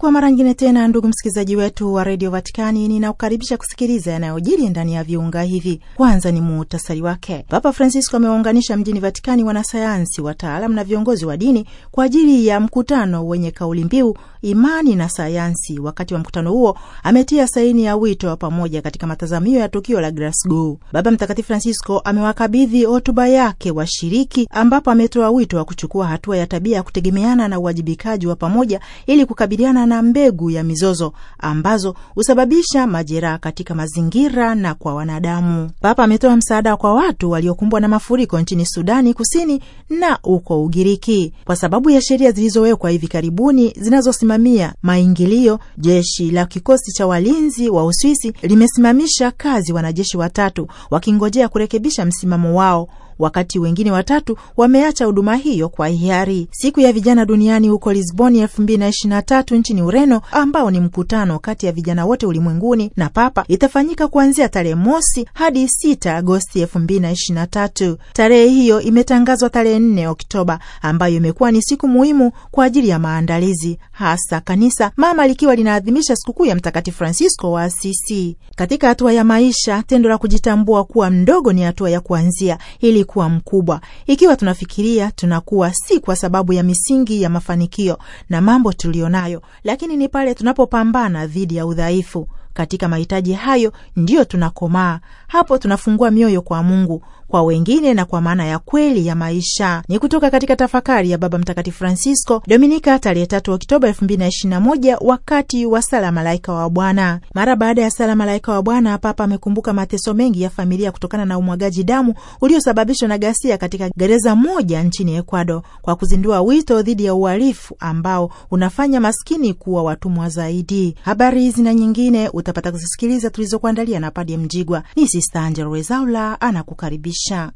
kwa mara nyingine tena, ndugu msikilizaji wetu wa redio Vatikani, ninakukaribisha kusikiliza yanayojiri ndani ya viunga hivi. Kwanza ni muhtasari wake. Papa Francisco amewaunganisha mjini Vatikani wanasayansi, wataalamu na viongozi wa dini kwa ajili ya mkutano wenye kauli mbiu imani na sayansi. Wakati wa mkutano huo ametia saini ya wito wa pamoja katika matazamio ya tukio la Glasgow. Baba Mtakatifu Francisco amewakabidhi hotuba yake washiriki, ambapo ametoa wito wa kuchukua hatua ya tabia ya kutegemeana na uwajibikaji wa pamoja ili kukabiliana na mbegu ya mizozo ambazo husababisha majeraha katika mazingira na kwa wanadamu. Papa ametoa msaada kwa watu waliokumbwa na mafuriko nchini Sudani Kusini na uko Ugiriki kwa sababu ya sheria zilizowekwa hivi karibuni zinazosimamia maingilio. Jeshi la kikosi cha walinzi wa Uswisi limesimamisha kazi wanajeshi watatu wakingojea kurekebisha msimamo wao wakati wengine watatu wameacha huduma hiyo kwa hiari. Siku ya vijana duniani huko Lisboni 2023 nchini Ureno, ambao ni mkutano kati ya vijana wote ulimwenguni na Papa, itafanyika kuanzia tarehe mosi hadi 6 Agosti 2023. Tarehe hiyo imetangazwa tarehe 4 Oktoba, ambayo imekuwa ni siku muhimu kwa ajili ya maandalizi, hasa kanisa mama likiwa linaadhimisha sikukuu ya Mtakatifu Francisco wa Asisi. Katika hatua ya maisha, tendo la kujitambua kuwa mdogo ni hatua ya kuanzia ili kuwa mkubwa. Ikiwa tunafikiria tunakuwa, si kwa sababu ya misingi ya mafanikio na mambo tuliyonayo, lakini ni pale tunapopambana dhidi ya udhaifu. Katika mahitaji hayo ndiyo tunakomaa. Hapo tunafungua mioyo kwa Mungu kwa wengine na kwa maana ya kweli ya maisha. Ni kutoka katika tafakari ya Baba Mtakatifu Francisco Dominika tarehe 3 Oktoba 2021 wakati wa sala malaika wa Bwana. Mara baada ya sala malaika wa Bwana, Papa amekumbuka mateso mengi ya familia kutokana na umwagaji damu uliosababishwa na ghasia katika gereza moja nchini Ecuador, kwa kuzindua wito dhidi ya uhalifu ambao unafanya maskini kuwa watumwa zaidi. Habari hizi na nyingine utapata kuzisikiliza tulizokuandalia na Padre Mjigwa. Ni Sista Angela Rezaula anakukaribisha. 上。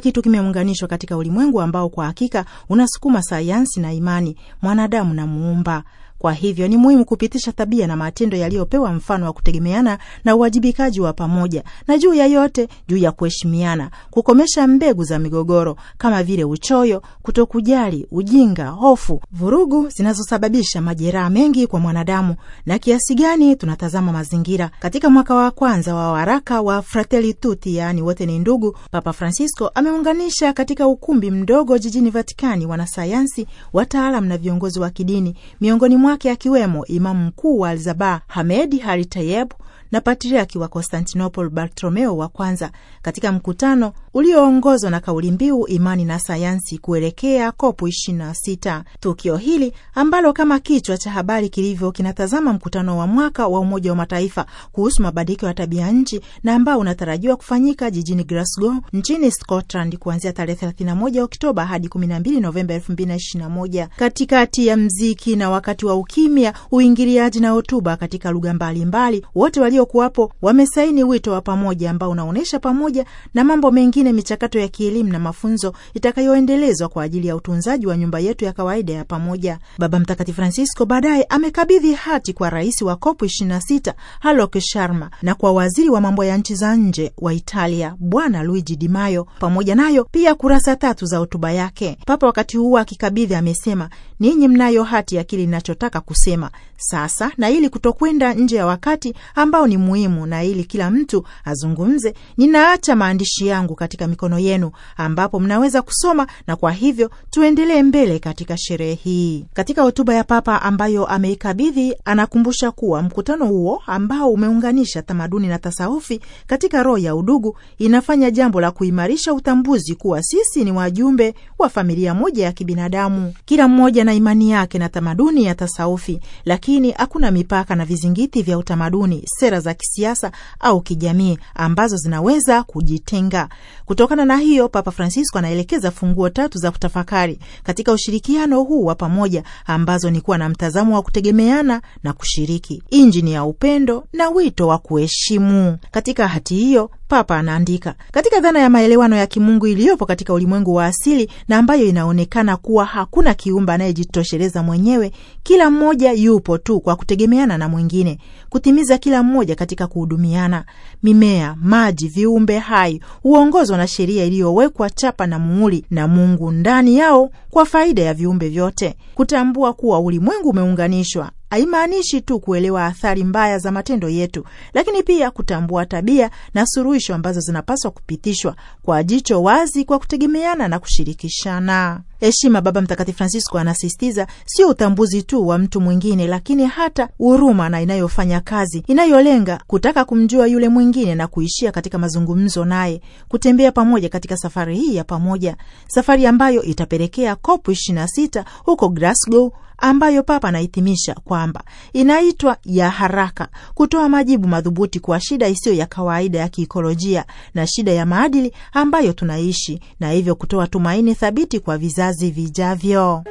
kitu kimeunganishwa katika ulimwengu ambao kwa hakika unasukuma sayansi na imani, mwanadamu na Muumba. Kwa hivyo ni muhimu kupitisha tabia na matendo yaliyopewa mfano wa kutegemeana na uwajibikaji wa pamoja, na juu ya yote, juu ya kuheshimiana, kukomesha mbegu za migogoro kama vile uchoyo, kutokujali, ujinga, hofu, vurugu zinazosababisha majeraha mengi kwa mwanadamu, na kiasi gani tunatazama mazingira. Katika mwaka wa kwanza wa waraka wa Fratelli Tutti, yaani wote ni ndugu, Papa Francisco ameunganisha katika ukumbi mdogo jijini Vatikani wanasayansi, wataalam na viongozi wa kidini miongoni mwa wake akiwemo imamu mkuu wa Alzabaa Hamedi hali Tayeb na patriaki wa Konstantinopol Bartolomeo wa kwanza katika mkutano ulioongozwa na kauli mbiu imani na sayansi kuelekea kopu 26. Tukio hili ambalo kama kichwa cha habari kilivyo kinatazama mkutano wa mwaka wa Umoja wa Mataifa kuhusu mabadiliko ya tabia nchi na ambao unatarajiwa kufanyika jijini Glasgow nchini Scotland kuanzia tarehe 31 Oktoba hadi 12 Novemba 2021. Katikati ya mziki na wakati wa ukimya, uingiliaji na hotuba katika lugha mbalimbali, wote walio waliokuwapo wamesaini wito wa pamoja ambao unaonyesha pamoja na mambo mengine michakato ya kielimu na mafunzo itakayoendelezwa kwa ajili ya utunzaji wa nyumba yetu ya kawaida ya pamoja. Baba Mtakatifu Francisco baadaye amekabidhi hati kwa rais wa COP 26 Alok Sharma na kwa waziri wa mambo ya nchi za nje wa Italia Bwana Luigi Di Maio, pamoja nayo pia kurasa tatu za hotuba yake. Papa wakati huo akikabidhi amesema ninyi mnayo hati ya kile ninachotaka kusema sasa, na ili kutokwenda nje ya wakati ambao ni muhimu, na ili kila mtu azungumze, ninaacha maandishi yangu katika mikono yenu, ambapo mnaweza kusoma, na kwa hivyo tuendelee mbele katika sherehe hii. Katika hotuba ya Papa ambayo ameikabidhi, anakumbusha kuwa mkutano huo ambao umeunganisha tamaduni na tasawufi katika roho ya udugu inafanya jambo la kuimarisha utambuzi kuwa sisi ni wajumbe wa familia moja ya kibinadamu, kila mmoja na imani yake na tamaduni ya tasaufi lakini hakuna mipaka na vizingiti vya utamaduni, sera za kisiasa au kijamii ambazo zinaweza kujitenga. Kutokana na hiyo, Papa Francisco anaelekeza funguo tatu za kutafakari katika ushirikiano huu wa pamoja, ambazo ni kuwa na mtazamo wa kutegemeana na kushiriki, injini ya upendo na wito wa kuheshimu. Katika hati hiyo Papa anaandika katika dhana ya maelewano ya kimungu iliyopo katika ulimwengu wa asili na ambayo inaonekana kuwa hakuna kiumbe anayejitosheleza mwenyewe, kila mmoja yupo tu kwa kutegemeana na mwingine, kutimiza kila mmoja katika kuhudumiana. Mimea, maji, viumbe hai huongozwa na sheria iliyowekwa chapa na muhuri na Mungu ndani yao kwa faida ya viumbe vyote. Kutambua kuwa ulimwengu umeunganishwa haimaanishi tu kuelewa athari mbaya za matendo yetu, lakini pia kutambua tabia na suluhisho ambazo zinapaswa kupitishwa kwa jicho wazi, kwa kutegemeana na kushirikishana. Heshima, Baba Mtakatifu Francisco anasisitiza, sio utambuzi tu wa mtu mwingine, lakini hata huruma na inayofanya kazi, inayolenga kutaka kumjua yule mwingine na kuishia katika mazungumzo naye, kutembea pamoja katika safari hii ya pamoja, safari ambayo itapelekea COP 26 huko Glasgow ambayo Papa anahitimisha kwamba inaitwa ya haraka, kutoa majibu madhubuti kwa shida isiyo ya kawaida ya kiikolojia na shida ya maadili ambayo tunaishi, na hivyo kutoa tumaini thabiti kwa vizazi vizazi vijavyo.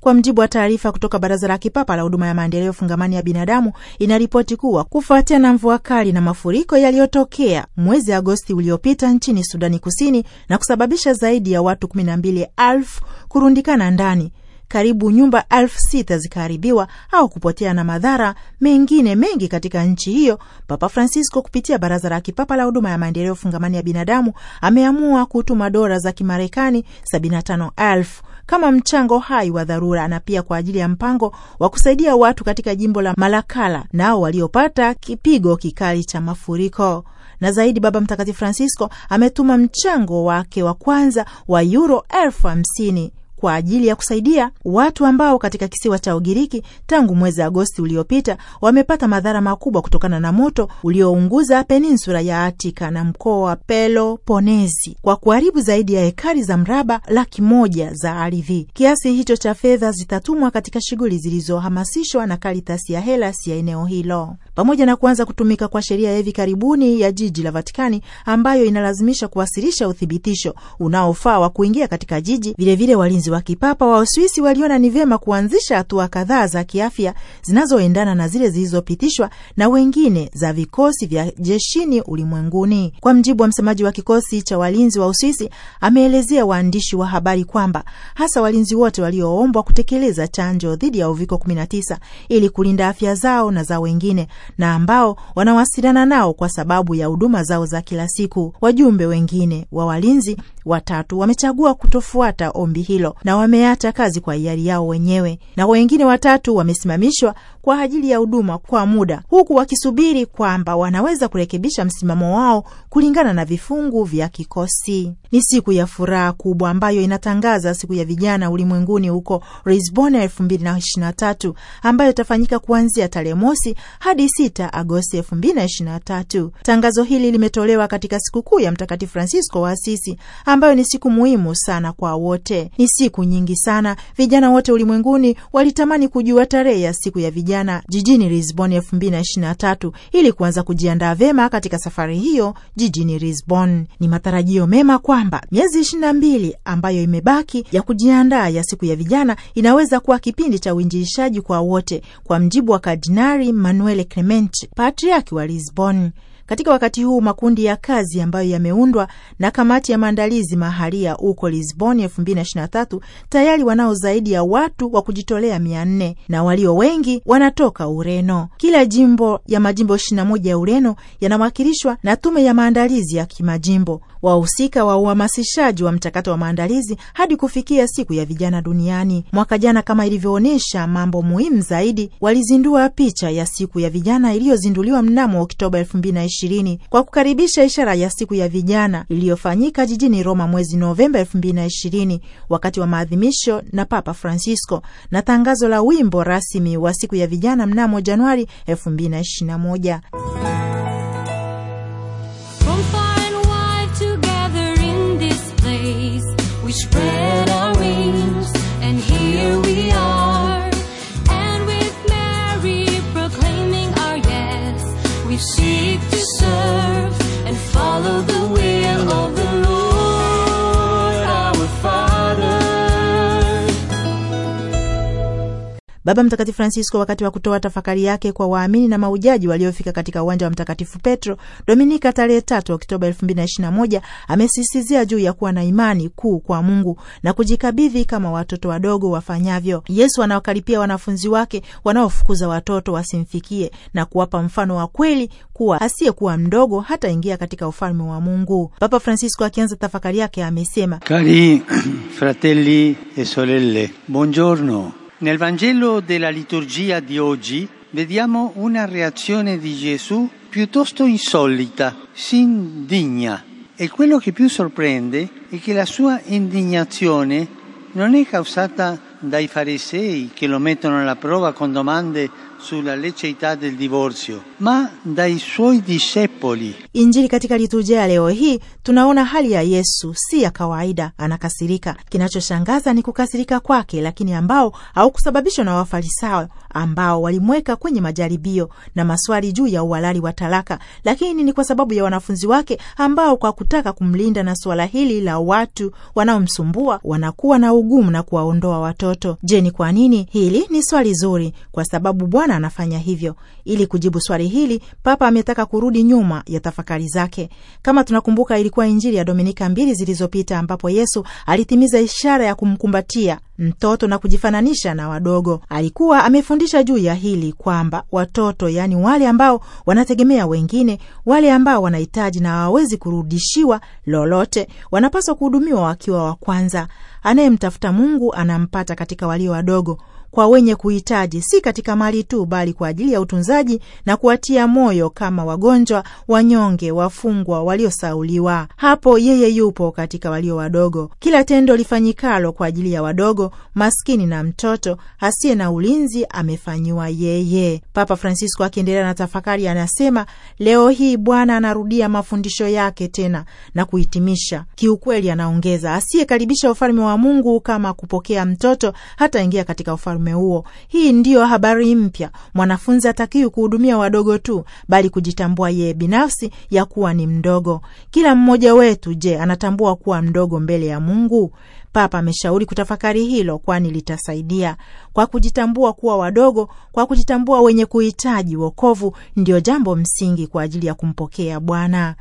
Kwa mjibu wa taarifa kutoka Baraza la Kipapa la Huduma ya Maendeleo Fungamani ya Binadamu, inaripoti kuwa kufuatia na mvua kali na mafuriko yaliyotokea mwezi Agosti uliopita nchini Sudani Kusini na kusababisha zaidi ya watu 12,000 kurundikana ndani karibu nyumba elfu sita zikaharibiwa au kupotea na madhara mengine mengi katika nchi hiyo, Papa Francisco kupitia Baraza la Kipapa la Huduma ya Maendeleo Fungamani ya Binadamu ameamua kutuma dola za Kimarekani 75,000 kama mchango hai wa dharura na pia kwa ajili ya mpango wa kusaidia watu katika jimbo la Malakala nao waliopata kipigo kikali cha mafuriko. Na zaidi, Baba Mtakatifu Francisco ametuma mchango wake wa kwanza wa yuro elfu hamsini kwa ajili ya kusaidia watu ambao katika kisiwa cha Ugiriki tangu mwezi Agosti uliopita wamepata madhara makubwa kutokana na moto uliounguza peninsula ya Atika na mkoa wa Peloponezi kwa kuharibu zaidi ya hekari za mraba laki moja za ardhi. Kiasi hicho cha fedha zitatumwa katika shughuli zilizohamasishwa na Karitasi ya helas ya eneo hilo, pamoja na kuanza kutumika kwa sheria ya hivi karibuni ya jiji la Vatikani ambayo inalazimisha kuwasilisha uthibitisho unaofaa wa kuingia katika jiji. Vilevile walinzi wa kipapa wa Uswisi waliona ni vyema kuanzisha hatua kadhaa za kiafya zinazoendana na zile zilizopitishwa na wengine za vikosi vya jeshini ulimwenguni. Kwa mjibu wa msemaji wa kikosi cha walinzi wa Uswisi, ameelezea waandishi wa habari kwamba hasa walinzi wote walioombwa kutekeleza chanjo dhidi ya uviko 19 ili kulinda afya zao na za wengine na ambao wanawasiliana nao kwa sababu ya huduma zao za kila siku. Wajumbe wengine wa walinzi watatu wamechagua kutofuata ombi hilo na wameacha kazi kwa hiari yao wenyewe, na wengine watatu wamesimamishwa kwa ajili ya huduma kwa muda, huku wakisubiri kwamba wanaweza kurekebisha msimamo wao kulingana na vifungu vya kikosi. Ni siku ya furaha kubwa ambayo inatangaza siku ya vijana ulimwenguni huko Lisbon elfu mbili na tatu ambayo itafanyika kuanzia tarehe mosi hadi sita Agosti elfu mbili na tatu. Tangazo hili limetolewa katika sikukuu ya Mtakatifu Francisco wa Asisi ambayo ni siku muhimu sana kwa wote. Ni siku Siku nyingi sana vijana wote ulimwenguni walitamani kujua tarehe ya siku ya vijana jijini Lisbon elfu mbili na na tatu ili kuanza kujiandaa vema katika safari hiyo jijini Lisbon. Ni matarajio mema kwamba miezi ishirini na mbili ambayo imebaki ya kujiandaa ya siku ya vijana inaweza kuwa kipindi cha uinjilishaji kwa wote, kwa mjibu wa Kardinari Manuele clement patriaki wa Lisbon. Katika wakati huu makundi ya kazi ambayo yameundwa na kamati ya maandalizi mahalia huko Lisbon elfu tayari wanao zaidi ya watu wa kujitolea mia na walio wengi wanatoka Ureno. Kila jimbo ya majimbo 21 ya Ureno yanawakilishwa na tume ya maandalizi ya kimajimbo, wahusika wa uhamasishaji wa mchakato wa maandalizi hadi kufikia siku ya vijana duniani. Mwaka jana, kama ilivyoonyesha mambo muhimu zaidi, walizindua picha ya siku ya vijana iliyozinduliwa mnamo Oktoba ishirini kwa kukaribisha ishara ya siku ya vijana iliyofanyika jijini Roma mwezi Novemba elfu mbili na ishirini wakati wa maadhimisho na Papa Francisco na tangazo la wimbo rasmi wa siku ya vijana mnamo Januari elfu mbili na ishirini na moja. spread our wings. we seek to serve and follow the Baba Mtakatifu Francisco, wakati wa kutoa tafakari yake kwa waamini na maujaji waliofika katika uwanja wa Mtakatifu Petro Dominika tarehe 3 Oktoba 2021, amesisitiza juu ya kuwa na imani kuu kwa Mungu na kujikabidhi kama watoto wadogo wafanyavyo. Yesu anawakaripia wanafunzi wake wanaofukuza watoto wasimfikie na kuwapa mfano wa kweli kuwa asiyekuwa mdogo hata ingia katika ufalme wa Mungu. Papa Francisco akianza tafakari yake amesema: kari fratelli e sorelle, buongiorno Nel Vangelo della liturgia di oggi vediamo una reazione di Gesù piuttosto insolita, si indigna e quello che più sorprende è che la sua indignazione non è causata dai farisei che lo mettono alla prova con domande sulla del divorzio, ma dai suoi discepoli. Injili katika liturjia ya leo hii tunaona hali ya Yesu si ya kawaida, anakasirika. Kinachoshangaza ni kukasirika kwake, lakini ambao haukusababishwa na Wafarisayo ambao walimweka kwenye majaribio na maswali juu ya uhalali wa talaka, lakini ni kwa sababu ya wanafunzi wake ambao kwa kutaka kumlinda na suala hili la watu wanaomsumbua wanakuwa na ugumu na kuwaondoa watoto. Je, ni kwa nini? Hili ni swali zuri, kwa sababu Bwana anafanya hivyo. Ili kujibu swali hili, Papa ametaka kurudi nyuma ya tafakari zake. Kama tunakumbuka, ilikuwa Injili ya Dominika mbili zilizopita ambapo Yesu alitimiza ishara ya kumkumbatia mtoto na kujifananisha na wadogo. Alikuwa amefundisha juu ya hili kwamba watoto, yaani wale ambao wanategemea wengine, wale ambao wanahitaji na hawawezi kurudishiwa lolote, wanapaswa kuhudumiwa wakiwa wa kwanza. Anayemtafuta Mungu anampata katika walio wadogo, kwa wenye kuhitaji, si katika mali tu, bali kwa ajili ya utunzaji na kuwatia moyo kama wagonjwa, wanyonge, wafungwa, waliosauliwa. Hapo yeye yupo katika walio wadogo. Kila tendo lifanyikalo kwa ajili ya wadogo, maskini na mtoto asiye na ulinzi amefanyiwa yeye. Papa Francisco akiendelea na tafakari anasema, leo hii Bwana anarudia mafundisho yake tena na kuhitimisha. Kiukweli, anaongeza, asiyekaribisha ufalme wa Mungu kama kupokea mtoto hataingia katika ufalme ufalme huo. Hii ndiyo habari mpya. Mwanafunzi hatakiwi kuhudumia wadogo tu, bali kujitambua yeye binafsi ya kuwa ni mdogo. Kila mmoja wetu, je, anatambua kuwa mdogo mbele ya Mungu? Papa ameshauri kutafakari hilo, kwani litasaidia kwa kujitambua kuwa wadogo, kwa kujitambua wenye kuhitaji wokovu, ndio jambo msingi kwa ajili ya kumpokea Bwana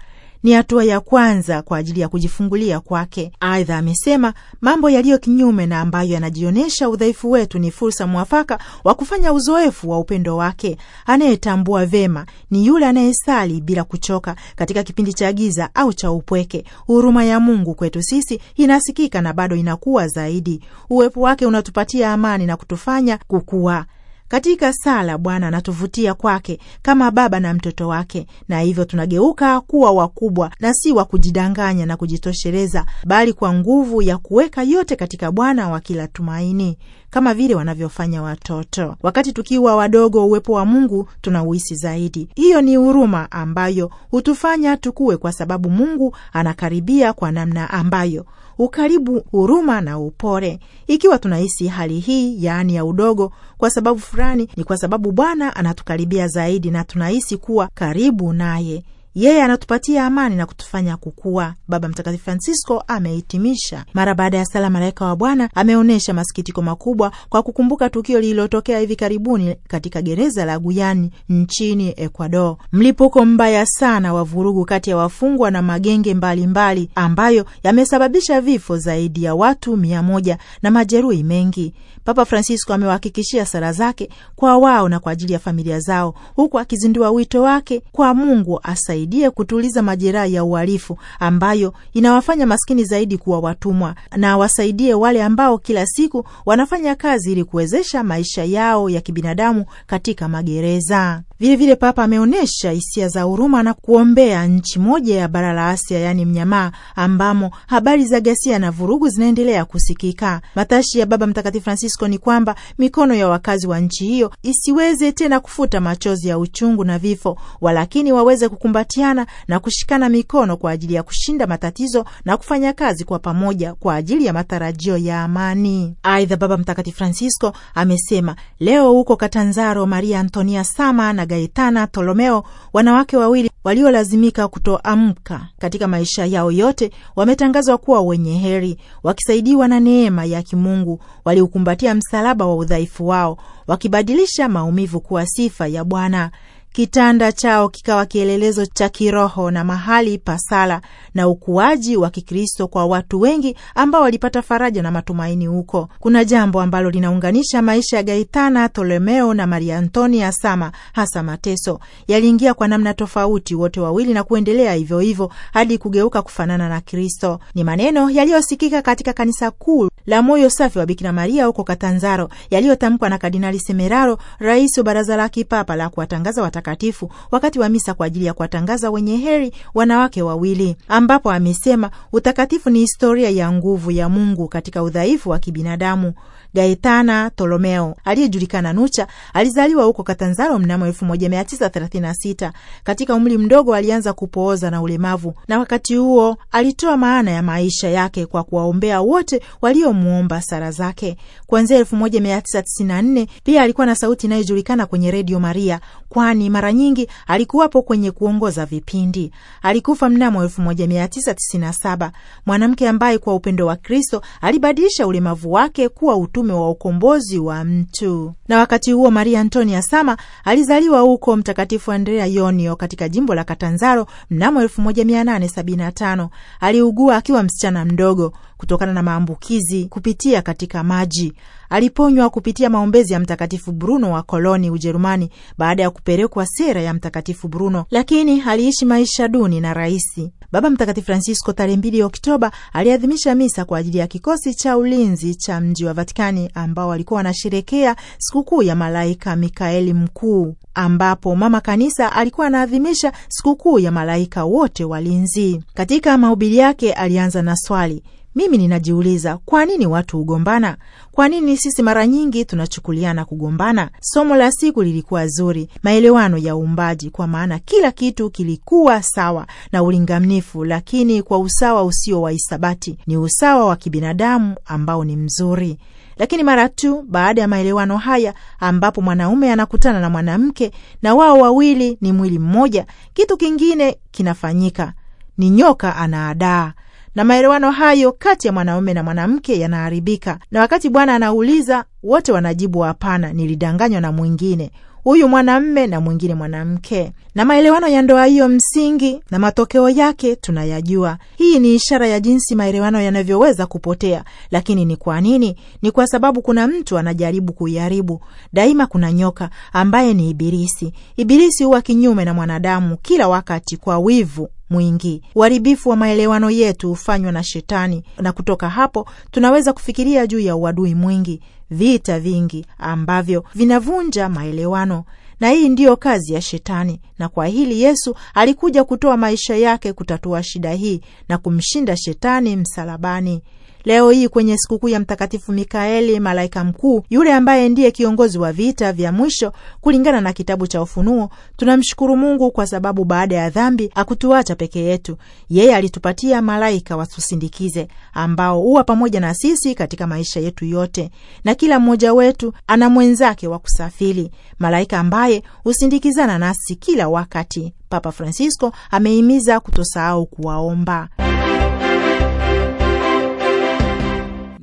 ni hatua ya kwanza kwa ajili ya kujifungulia kwake. Aidha amesema mambo yaliyo kinyume na ambayo yanajionyesha udhaifu wetu ni fursa mwafaka wa kufanya uzoefu wa upendo wake. Anayetambua vema ni yule anayesali bila kuchoka katika kipindi cha giza au cha upweke. Huruma ya Mungu kwetu sisi inasikika na bado inakuwa zaidi. Uwepo wake unatupatia amani na kutufanya kukua. Katika sala Bwana anatuvutia kwake kama baba na mtoto wake, na hivyo tunageuka kuwa wakubwa na si wa kujidanganya na kujitosheleza, bali kwa nguvu ya kuweka yote katika Bwana wa kila tumaini, kama vile wanavyofanya watoto. Wakati tukiwa wadogo, uwepo wa Mungu tunauhisi zaidi. Hiyo ni huruma ambayo hutufanya tukue, kwa sababu Mungu anakaribia kwa namna ambayo ukaribu, huruma na upole. Ikiwa tunahisi hali hii, yaani ya udogo, kwa sababu fulani, ni kwa sababu Bwana anatukaribia zaidi na tunahisi kuwa karibu naye yeye anatupatia amani na kutufanya kukua. Baba Mtakatifu Francisco amehitimisha. Mara baada ya sala malaika wa Bwana ameonyesha masikitiko makubwa kwa kukumbuka tukio lililotokea hivi karibuni katika gereza la Guyani nchini Ecuador, mlipuko mbaya sana wa vurugu kati ya wafungwa na magenge mbalimbali mbali, ambayo yamesababisha vifo zaidi ya watu mia moja na majeruhi mengi. Papa Francisco amewahakikishia sala zake kwa wao na kwa ajili ya familia zao, huku akizindua wito wake kwa Mungu asai isaidie kutuliza majeraha ya uhalifu ambayo inawafanya maskini zaidi kuwa watumwa, na awasaidie wale ambao kila siku wanafanya kazi ili kuwezesha maisha yao ya kibinadamu katika magereza. Vilevile vile Papa ameonyesha hisia za huruma na kuombea nchi moja ya bara la Asia, yaani mnyamaa, ambamo habari za ghasia na vurugu zinaendelea kusikika. Matashi ya Baba Mtakatifu Francisco ni kwamba mikono ya wakazi wa nchi hiyo isiweze tena kufuta machozi ya uchungu na vifo, walakini waweze kukumbatiana na kushikana mikono kwa ajili ya kushinda matatizo na kufanya kazi kwa pamoja kwa ajili ya matarajio ya amani. Aidha, Baba Mtakatifu Francisco amesema leo huko Katanzaro, Maria Antonia Sama na Gaetana Tolomeo, wanawake wawili waliolazimika kutoamka katika maisha yao yote, wametangazwa kuwa wenye heri, wakisaidiwa na neema ya kimungu. Waliukumbatia msalaba wa udhaifu wao, wakibadilisha maumivu kuwa sifa ya Bwana kitanda chao kikawa kielelezo cha kiroho na mahali pa sala na ukuaji wa Kikristo kwa watu wengi ambao walipata faraja na matumaini huko. Kuna jambo ambalo linaunganisha maisha ya Gaitana, Tolomeo na Maria Antonia Sama, hasa mateso yaliingia kwa namna tofauti wote wawili na kuendelea hivyo hivyo hadi kugeuka kufanana na Kristo. Ni maneno yaliyosikika katika kanisa kuu la moyo safi wa Bikira Maria huko Katanzaro, yaliyotamkwa na Kardinali Semeraro, rais wa Baraza la Kipapa la kuwatangaza watakatifu, wakati wa misa kwa ajili ya kuwatangaza wenye heri wanawake wawili, ambapo amesema utakatifu ni historia ya nguvu ya Mungu katika udhaifu wa kibinadamu. Gaetana Tolomeo aliyejulikana Nucha alizaliwa huko Katanzaro mnamo 1936. Katika umri mdogo alianza kupooza na ulemavu, na wakati huo alitoa maana ya maisha yake kwa kuwaombea wote waliomwomba sala zake. Kuanzia 1994 pia alikuwa na sauti inayojulikana kwenye Redio Maria, kwani mara nyingi alikuwapo kwenye kuongoza vipindi. Alikufa mnamo 1997, mwanamke ambaye kwa upendo wa Kristo alibadilisha ulemavu wake kuwa utu mtume wa ukombozi wa mtu. Na wakati huo Maria Antonia Sama alizaliwa huko Mtakatifu Andrea Ionio katika jimbo la Katanzaro mnamo 1875. Aliugua akiwa msichana mdogo kutokana na maambukizi kupitia katika maji aliponywa kupitia maombezi ya Mtakatifu Bruno wa Koloni, Ujerumani, baada ya kupelekwa sera ya Mtakatifu Bruno, lakini aliishi maisha duni na rahisi. Baba Mtakatifu Francisco tarehe mbili Oktoba aliadhimisha misa kwa ajili ya kikosi cha ulinzi cha mji wa Vatikani ambao walikuwa wanasherekea sikukuu ya malaika Mikaeli Mkuu, ambapo mama kanisa alikuwa anaadhimisha sikukuu ya malaika wote walinzi. Katika mahubiri yake alianza na swali mimi ninajiuliza kwa nini watu hugombana? Kwa nini sisi mara nyingi tunachukuliana kugombana? Somo la siku lilikuwa zuri, maelewano ya uumbaji, kwa maana kila kitu kilikuwa sawa na ulingamnifu, lakini kwa usawa usio wa hisabati. Ni usawa wa kibinadamu ambao ni mzuri lakini mara tu baada ya maelewano haya ambapo mwanaume anakutana na mwanamke na wao wawili ni mwili mmoja, kitu kingine kinafanyika. Ni nyoka anaadaa, na maelewano hayo kati ya mwanaume na mwanamke yanaharibika, na wakati Bwana anauliza wote wanajibu hapana, nilidanganywa na mwingine huyu mwanamme na mwingine mwanamke. Na maelewano ya ndoa hiyo msingi na matokeo yake tunayajua. Hii ni ishara ya jinsi maelewano yanavyoweza kupotea. Lakini ni kwa nini? Ni kwa sababu kuna mtu anajaribu kuiharibu. Daima kuna nyoka ambaye ni Ibilisi. Ibilisi huwa kinyume na mwanadamu kila wakati kwa wivu mwingi. Uharibifu wa maelewano yetu hufanywa na Shetani, na kutoka hapo tunaweza kufikiria juu ya uadui mwingi, vita vingi ambavyo vinavunja maelewano na hii ndiyo kazi ya Shetani, na kwa hili Yesu alikuja kutoa maisha yake kutatua shida hii na kumshinda Shetani msalabani. Leo hii kwenye sikukuu ya Mtakatifu Mikaeli, malaika mkuu, yule ambaye ndiye kiongozi wa vita vya mwisho kulingana na kitabu cha Ufunuo, tunamshukuru Mungu kwa sababu baada ya dhambi akutuacha peke yetu. Yeye alitupatia malaika watusindikize, ambao huwa pamoja na sisi katika maisha yetu yote, na kila mmoja wetu ana mwenzake wa kusafiri, malaika ambaye husindikizana nasi kila wakati. Papa Francisco amehimiza kutosahau kuwaomba.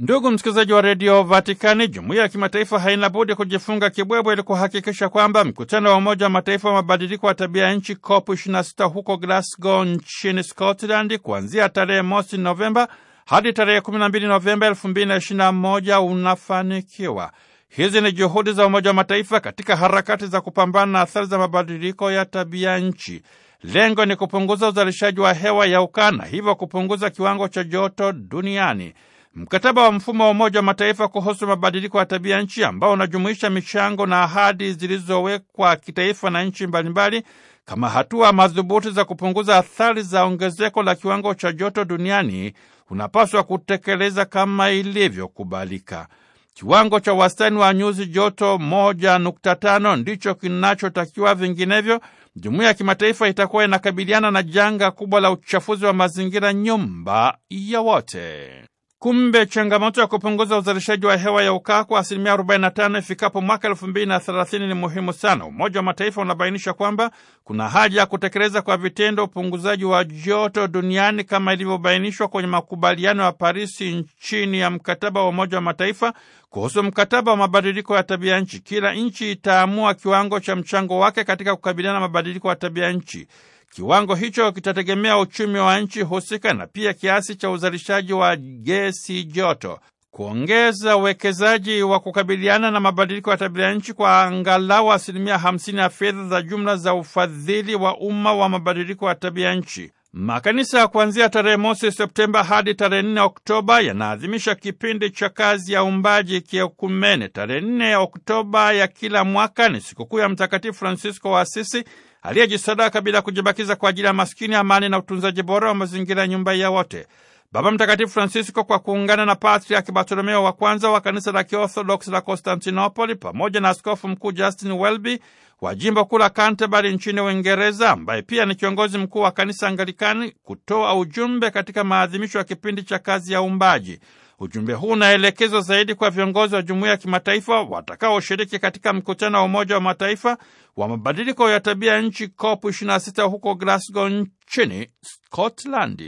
Ndugu msikilizaji wa redio Vatikani, jumuiya ya kimataifa haina budi kujifunga kibwebwe ili kuhakikisha kwamba mkutano wa Umoja wa Mataifa wa mabadiliko ya tabia ya nchi COP 26 huko Glasgow nchini Scotland kuanzia tarehe mosi Novemba hadi tarehe 12 Novemba 2021 unafanikiwa. Hizi ni juhudi za Umoja wa Mataifa katika harakati za kupambana na athari za mabadiliko ya tabia nchi. Lengo ni kupunguza uzalishaji wa hewa ya ukana, hivyo kupunguza kiwango cha joto duniani. Mkataba wa mfumo wa Umoja wa Mataifa kuhusu mabadiliko ya tabia nchi ambao unajumuisha michango na ahadi zilizowekwa kitaifa na nchi mbalimbali kama hatua madhubuti za kupunguza athari za ongezeko la kiwango cha joto duniani unapaswa kutekeleza kama ilivyokubalika. Kiwango cha wastani wa nyuzi joto 1.5 ndicho kinachotakiwa, vinginevyo jumuiya ya kimataifa itakuwa inakabiliana na janga kubwa la uchafuzi wa mazingira, nyumba ya wote. Kumbe changamoto ya kupunguza uzalishaji wa hewa ya ukaa kwa asilimia 45 ifikapo mwaka 2030 ni muhimu sana. Umoja wa Mataifa unabainisha kwamba kuna haja ya kutekeleza kwa vitendo upunguzaji wa joto duniani kama ilivyobainishwa kwenye makubaliano ya Parisi chini ya mkataba wa Umoja wa Mataifa kuhusu mkataba wa mabadiliko ya tabia nchi. Kila nchi itaamua kiwango cha mchango wake katika kukabiliana na mabadiliko ya tabia nchi. Kiwango hicho kitategemea uchumi wa nchi husika na pia kiasi cha uzalishaji wa gesi joto. Kuongeza uwekezaji wa kukabiliana na mabadiliko ya tabia nchi kwa angalau asilimia 50 ya fedha za jumla za ufadhili wa umma wa mabadiliko ya tabia nchi. Makanisa ya kuanzia tarehe mosi Septemba hadi tarehe nne Oktoba yanaadhimisha kipindi cha kazi ya umbaji kiekumene. Tarehe nne Oktoba ya kila mwaka ni sikukuu ya Mtakatifu Francisco wa Asisi aliyejisadaka bila kujibakiza kwa ajili ya maskini, amani na utunzaji bora wa mazingira, nyumba ya wote. Baba Mtakatifu Francisco kwa kuungana na Patriaki Bartolomeo wa kwanza wa kanisa la Kiorthodoksi la Konstantinopoli pamoja na askofu mkuu Justin Welby wa jimbo kuu la Canterbury nchini Uingereza, ambaye pia ni kiongozi mkuu wa kanisa Anglikani, kutoa ujumbe katika maadhimisho ya kipindi cha kazi ya uumbaji. Ujumbe huu unaelekezwa zaidi kwa viongozi wa jumuiya ya kimataifa watakaoshiriki katika mkutano wa Umoja wa Mataifa wa mabadiliko ya tabia nchi COP 26 huko Glasgow nchini scotland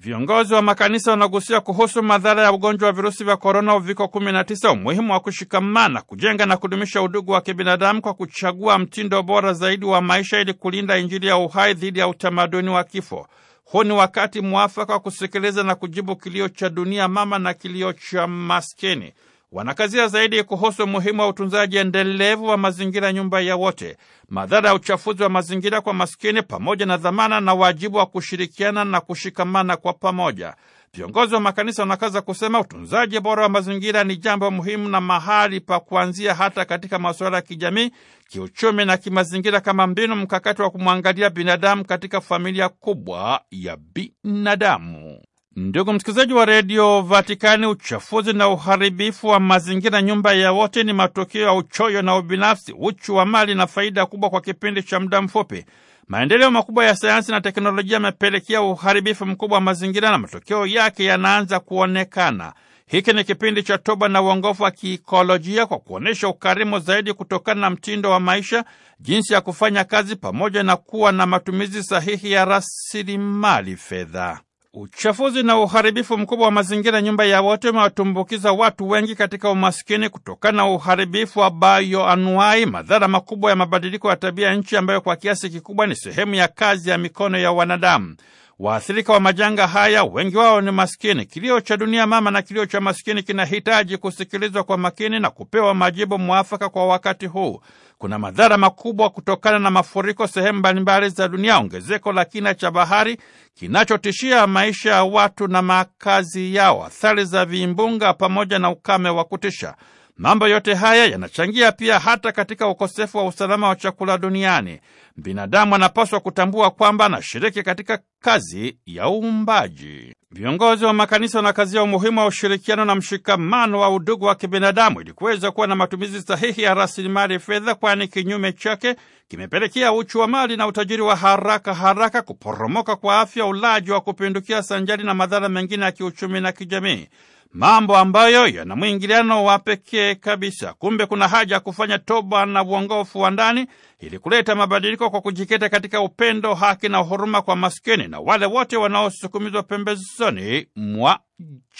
Viongozi wa makanisa wanagusia kuhusu madhara ya ugonjwa wa virusi vya korona uviko 19, umuhimu wa kushikamana, kujenga na kudumisha udugu wa kibinadamu kwa kuchagua mtindo bora zaidi wa maisha ili kulinda Injili ya uhai dhidi ya utamaduni wa kifo. Huu ni wakati mwafaka wa kusikiliza na kujibu kilio cha dunia mama na kilio cha maskini. Wanakazia zaidi kuhusu umuhimu wa utunzaji endelevu wa mazingira, nyumba ya wote, madhara ya uchafuzi wa mazingira kwa maskini, pamoja na dhamana na wajibu wa kushirikiana na kushikamana kwa pamoja. Viongozi wa makanisa wanakaza kusema utunzaji bora wa mazingira ni jambo muhimu na mahali pa kuanzia, hata katika masuala ya kijamii, kiuchumi na kimazingira, kama mbinu mkakati wa kumwangalia binadamu katika familia kubwa ya binadamu. Ndugu msikilizaji wa redio Vatikani, uchafuzi na uharibifu wa mazingira, nyumba ya wote, ni matokeo ya uchoyo na ubinafsi, uchu wa mali na faida kubwa kwa kipindi cha muda mfupi. Maendeleo makubwa ya sayansi na teknolojia yamepelekea uharibifu mkubwa wa mazingira na matokeo yake yanaanza kuonekana. Hiki ni kipindi cha toba na uongofu wa kiikolojia kwa kuonyesha ukarimu zaidi kutokana na mtindo wa maisha, jinsi ya kufanya kazi, pamoja na kuwa na matumizi sahihi ya rasilimali fedha. Uchafuzi na uharibifu mkubwa wa mazingira, nyumba ya wote, umewatumbukiza watu wengi katika umaskini kutokana na uharibifu wa bayoanuai, madhara makubwa ya mabadiliko ya tabia nchi ambayo kwa kiasi kikubwa ni sehemu ya kazi ya mikono ya wanadamu. Waathirika wa majanga haya wengi wao ni maskini. Kilio cha dunia mama na kilio cha maskini kinahitaji kusikilizwa kwa makini na kupewa majibu mwafaka kwa wakati huu. Kuna madhara makubwa kutokana na mafuriko sehemu mbalimbali za dunia, ongezeko la kina cha bahari kinachotishia maisha ya watu na makazi yao, athari za viimbunga pamoja na ukame wa kutisha. Mambo yote haya yanachangia pia hata katika ukosefu wa usalama wa chakula duniani. Binadamu anapaswa kutambua kwamba anashiriki katika kazi ya uumbaji. Viongozi wa makanisa wanakazia umuhimu wa ushirikiano na mshikamano wa udugu wa kibinadamu ili kuweza kuwa na matumizi sahihi ya rasilimali fedha, kwani kinyume chake kimepelekea uchu wa mali na utajiri wa haraka haraka, kuporomoka kwa afya, ulaji wa kupindukia, sanjari na madhara mengine ya kiuchumi na kijamii mambo ambayo yana mwingiliano wa pekee kabisa. Kumbe kuna haja ya kufanya toba na uongofu wa ndani ili kuleta mabadiliko kwa kujikita katika upendo, haki na huruma kwa maskini na wale wote wanaosukumizwa pembezoni mwa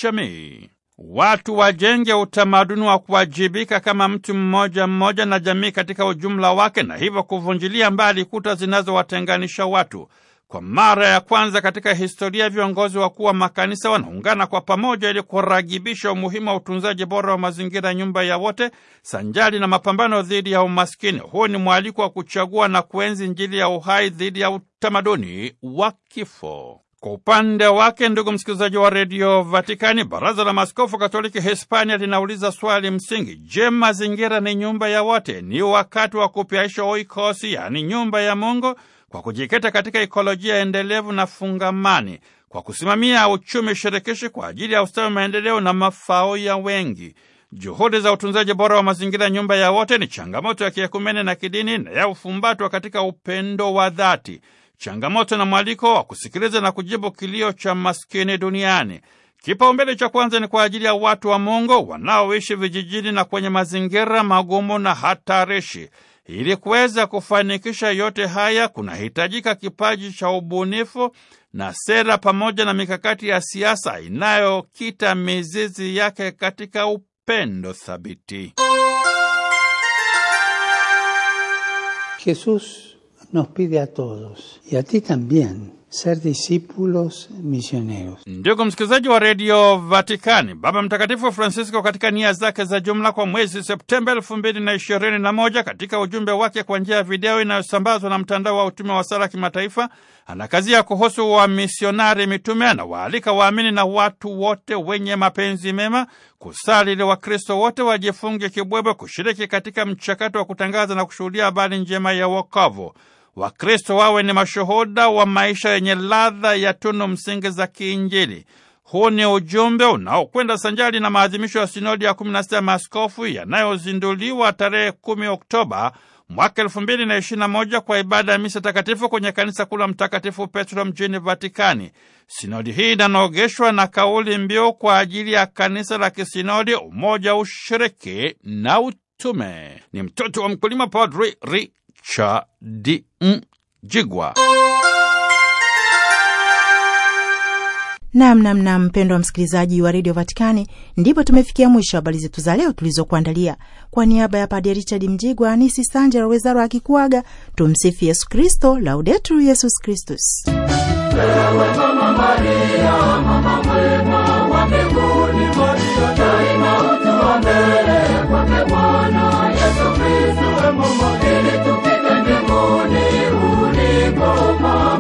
jamii. Watu wajenge utamaduni wa kuwajibika kama mtu mmoja mmoja na jamii katika ujumla wake, na hivyo kuvunjilia mbali kuta zinazowatenganisha watu. Kwa mara ya kwanza katika historia, viongozi wakuu wa makanisa wanaungana kwa pamoja ili kuragibisha umuhimu wa utunzaji bora wa mazingira, nyumba ya wote, sanjali na mapambano dhidi ya umaskini. Huu ni mwaliko wa kuchagua na kuenzi Injili ya uhai dhidi ya utamaduni wa kifo. Kwa upande wake, ndugu msikilizaji wa redio Vatikani, baraza la maskofu katoliki Hispania linauliza swali msingi: Je, mazingira ni nyumba ya wote? Ni wakati wa kupiaisha oikosi, yaani nyumba ya Mungu kwa kujikita katika ikolojia endelevu na fungamani, kwa kusimamia uchumi shirikishi kwa ajili ya ustawi, maendeleo na mafao ya wengi. Juhudi za utunzaji bora wa mazingira, nyumba ya wote, ni changamoto ya kiekumene na kidini na ya ufumbatwa katika upendo wa dhati, changamoto na mwaliko wa kusikiliza na kujibu kilio cha maskini duniani. Kipaumbele cha kwanza ni kwa ajili ya watu wa Mungu wanaoishi vijijini na kwenye mazingira magumu na hatarishi. Ili kuweza kufanikisha yote haya kunahitajika kipaji cha ubunifu na sera pamoja na mikakati ya siasa inayokita mizizi yake katika upendo thabiti. Jesus nos pide a todos y a ti también Ser discípulos misioneros. Ndugu msikilizaji wa redio Vatikani, Baba Mtakatifu Francisco katika nia zake za jumla kwa mwezi Septemba elfu mbili na ishirini na moja katika ujumbe wake kwa njia ya video inayosambazwa na mtandao wa utume wa sala kimataifa anakazia kuhusu wamisionari mitume. Anawaalika waamini na watu wote wenye mapenzi mema kusali ili Wakristo wote wajifunge kibwebwe kushiriki katika mchakato wa kutangaza na kushuhudia habari njema ya wokovu. Wakristo wawe ni mashuhuda wa maisha yenye ladha ya tunu msingi za kiinjili. Huu ni ujumbe unaokwenda sanjari na maadhimisho ya sinodi ya 16 ya maaskofu yanayozinduliwa tarehe 10 Oktoba mwaka 221 kwa ibada ya misa takatifu kwenye kanisa kuu la Mtakatifu Petro mjini Vatikani. Sinodi hii inanogeshwa na kauli mbiu kwa ajili ya kanisa la kisinodi, umoja, ushiriki na utume. Ni mtoto wa mkulima Padri cha Dijigwa. Nam nam nam, mpendo wa msikilizaji wa redio Vatikani, ndipo tumefikia mwisho habari zetu za leo tulizokuandalia. Kwa niaba ya Padre Richard Mjigwa ni Sisanja Rowezaro akikuaga. tumsifi Yesu Kristo, Laudetur Yesus Kristus. Maria, mama mwema wa mbinguni, daima utuombee more.